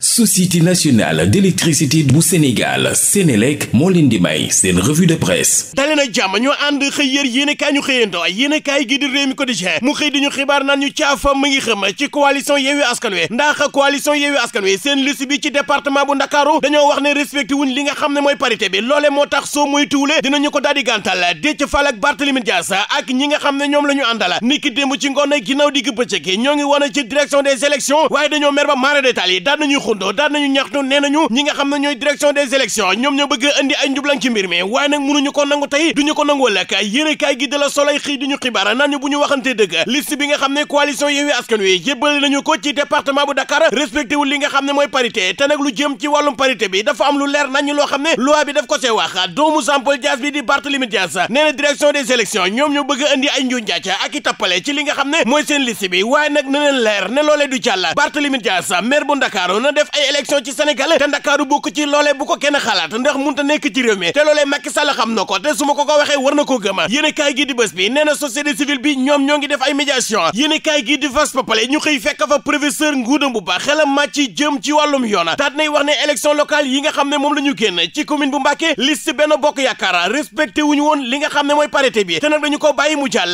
société nationale d'électricité bu Sénégal Sénélec moo leen di may seen revue de presse dali jàmm ñu ànd xëy yër yéenekaay ñu xëyando yéenekaay gi di Rewmi Quotidien mu xëy di ñu xibaar naan ñu caafa mu ngi ci coalition Yewwi Askan Wi ndax coalition Yewwi Askan Wi seen liste bi ci département bu Ndakaaru dañoo wax ne respecté li nga xam ne mooy parité bi loole moo tax soo muy tuule dinañu ko daal di la ñu àndala niki xundoo daan nañu ñaxtu nee nañu ñi nga xam ne ñooy direction des ñoo bëgg indi ay njublan ci mbir mi waaye nag mënuñu ko nangu tey ne coalition Yewwi Askan Wi jébbale nañu ko ci département li nga xam ne mooy parité te nag lu jëm ci wàllum bi dafa am lu leer nañu loo xam ne loi bi daf ko see wax doomu Sampol Dias bi di Barthélémy Dias nee na direction des ñoom ñoo bëgg indi ay njuñ jaaca ak i tappale ci li nga xam ne mooy seen liste bi waaye nag na leen leer ne loolee du jàll Barthélémy Dias maire bu Ndakaaru def ay élection ci Sénégal te Ndakaaru bokk ci loolee bu ko kenn xalaat ndax munta nekk ci réew mi te loolee Macky Sall xam na ko te su ma ko ko waxee war na ko gëma yéen a kaay gi bi nee na société bi ñoom ñoo ngi def ay médiation yéen a kaay gi di ñu xëy fekk fa professeur Ngouda Mboup xelam màcc jëm ci wàllum yoon daat nay wax ne élection locale yi nga xam ne moom la ñu génn ci commune bu Mbacké liste benn bokk yaakaar respecté mooy parité bi te nag dañu ko bàyyi mu jàll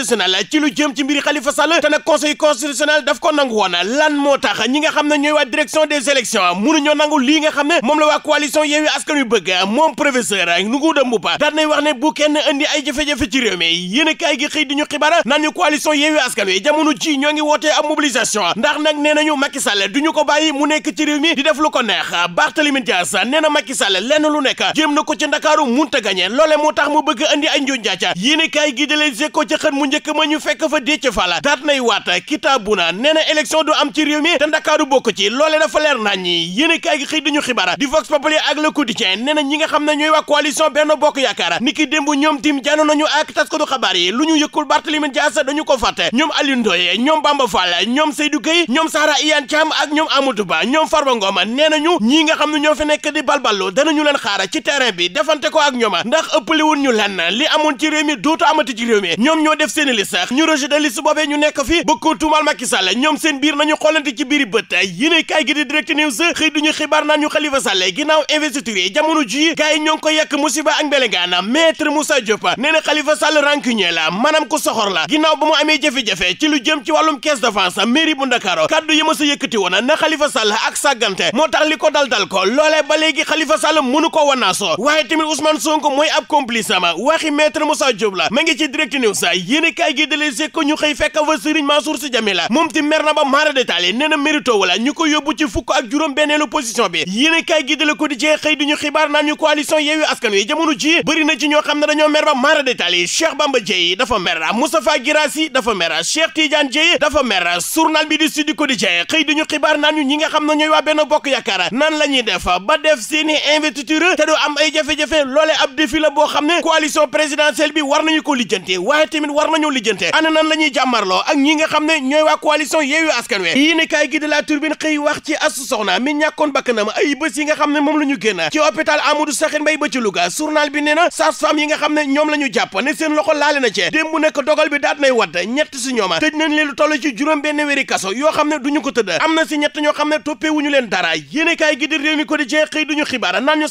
constitutionnel ci lu jëm ci mbiri Khalifa Sall te nag conseil constitutionnel daf ko nangu woon lan moo tax ñi nga xam ne ñooy waa direction des élections mënuñoo nangu lii nga xam ne moom la waa coalition Yewwi Askan Wi bëgg moom professeur Ngouda Mboup daan nay wax ne bu kenn ay jafe-jafe ci mi yéen a gi xëy di ñu xibaar naan ñu coalition Yewwi Askan Wi jamono ji ñoo ngi wootee ab mobilisation ndax nag nee nañu ñu ko bàyyi mu nekk ci ko neex mu bëgg njëkk ma ñu fekk fa Déthié Fall daat nay waata kitaabuna nee na élection du am ci réew bokk ci loole dafa leer nañ ñi yéen kaay gi xëy dañu xibaar di Vox Populi ak Le Quotidien nee na ñi nga xam ne ñooy waa coalition Benno Bokk Yaakaar niki démb ñoom tim jano nañu ak taskatu xabaar yi lu ñu yëkkul Barthélémy Dias dañu ko fàtte ñoom Aliou Ndoye ñoom Bamba Fall ñoom Seydou Gueye ñoom Sahara Iyane Thiam ak ñoom Amadou Ba ñoom Farba Ngom nee nañu ñu seeni liste ñu rejeté liste boobee ñu nekk fi bëgg koo tuumaal Macky Sall ñoom seen biir nañu xoolante ci biiri bët yéene kaay gi di direct news xëy duñu xibaar naan ñu Khalifa Sall ginnaaw investiture yi jamono ji gars yi ko yàq musiba ak mbelengaana maître Moussa Diop nee na Khalifa Sall rancunier la maanaam ku soxor la ginnaaw ba mu amee jafe-jafe ci lu jëm ci wàllum caisse d'avance mairie bu Ndakaaru kaddu yi ma sa yëkkati woon na Khalifa Sall ak sàggante moo tax li yéenekaay gi dalee se ko ñu xëy fekk fa Serigne Mansour Sy Djamil moom ti mer na ba maara détaillé nee na mérito wala ñu ko yóbbu ci fukk ak juróom benneelu position bi yéenekaay gi dale ko di cee xëy di ñu xibaar naan ñu coalition Yewwi Askan Wi jamono ji bëri na ci ñoo xam dafa mer Moustapha Guirassy dafa mer di Sud xëy di ñu xibaar naan ñu ñi nga xam ne ñooy waa Benno Bokk Yaakaar nan la ñuy def ba def seeni investiture te du am ay jafe-jafe loole ab ñoo lijjantee ana nan la ñuy jàmmarloo ak ñi nga xam ne ñooy waa coalition Yewwi Askan Wi yéen kaay gi de la turbine xëy wax ci asu soxna mi ñàkkoon bakkanam ay bés yi nga xam ne moom la ñu génn ci hôpital Amadou Sakhir Mbaye ba ci Louga journal bi nee na sage yi nga xam ne ñoom la ñu jàpp ne seen loxo laale na ci démb nekk dogal bi daat nay wadd ñett si ñooma tëj nañ leen lu toll ci juróom benn wéri kaso yoo xam ne duñu ko tëdd am na si ñett ñoo xam ne leen dara yéen kaay gi di réew mi ko di jeex xëy duñu xibaar naan ñu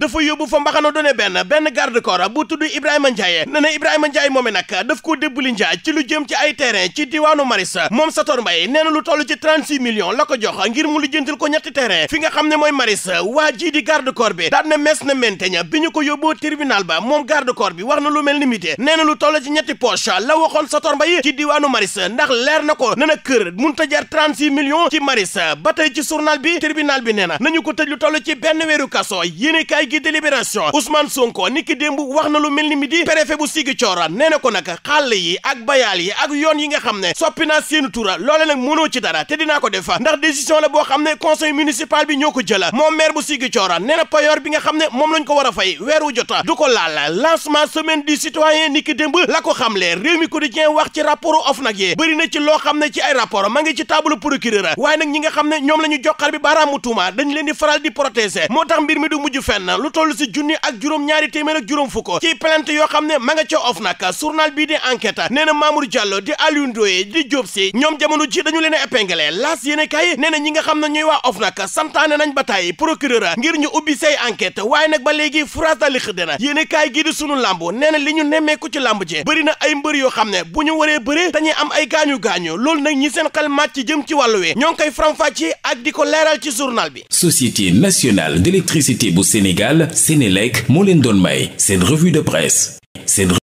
dafa yóbbu fa mbaxana benn benn garde corps bu tudd Ibrahima Ndiaye nee na Ibrahima Ndiaye moome nag daf koo li njaaj ci lu jëm ci ay terrain ci diwaanu Maris moom Sator mbay nee na lu toll ci 36 millions la ko jox ngir mu lijjantil ko ñetti terrain fi nga xam ne mooy Maris waa jii di garde corps bi daan na mees na menteña bi ñu ko yóbboo tribunal ba moom garde corps bi wax na lu mel ni mité nee na lu toll ci ñetti poche la waxoon Sator Mbaye ci diwaanu Maris ndax leer na ko ne na kër munta jar 36 millions ci Maris ba tey ci journal bi tribunal bi nee na nañu ko tëj lu toll ci benn weeru kaso yéene kaay gi délibération Ousmane Sonko niki démb wax na lu mel ni midi préfet bu Ziguinchor nee na ko nag xàll yi ak bayaal yi ak yoon yi nga xam ne soppi naa seenu tura loole nag mënoo ci dara te dinaa ko def ndax décision la boo xam ne conseil municipal bi jëla moom maire bu Ziguinchor nee na bi nga xam ne moom lañ ko war a fay weer wu jota du ko laal lancement semaine du citoyen ni ki démb la ko xamle réew mi quotidien wax ci rapport OFNAC yi bëri na ci loo xam ne ci ay rapport ma ngi ci table procureur waaye nag ñi nga xam ne ñoom la ñu joxar bi baaraamu tuuma leen di faral di protéger moo tax mbir mi du mujj fenn lu toll si junni ak juróom ñaari téeméer ak juróom fukk ci plainte ma nga ca OFNAC nag journal bii de enquête nee na Mamour Diallo di Aliou Ndoye di Diop ñoom jamono ji dañu leen a épinglé laas yéen kay nee na ñi nga xam ne ñooy waa OFNAC santaane nañ ba tàyyi procureur ngir ñu ubbi say enquête waaye nag ba léegi France dali xëdd na yéen kay gii di sunu lamb nee na li ñu nemmeeku ci lamb ji bëri na ay mbër yoo xam ne bu ñu waree bëre dañuy am ay gaañu gaañu loolu nag ñi seen xel màcc ci jëm ci wàllu wi ñoo ngi koy faram-fàccee ak di ko leeral ci journal bi. Société nationale d'électricité bu Sénégal Sénélec moo leen doon may seen revue de presse seen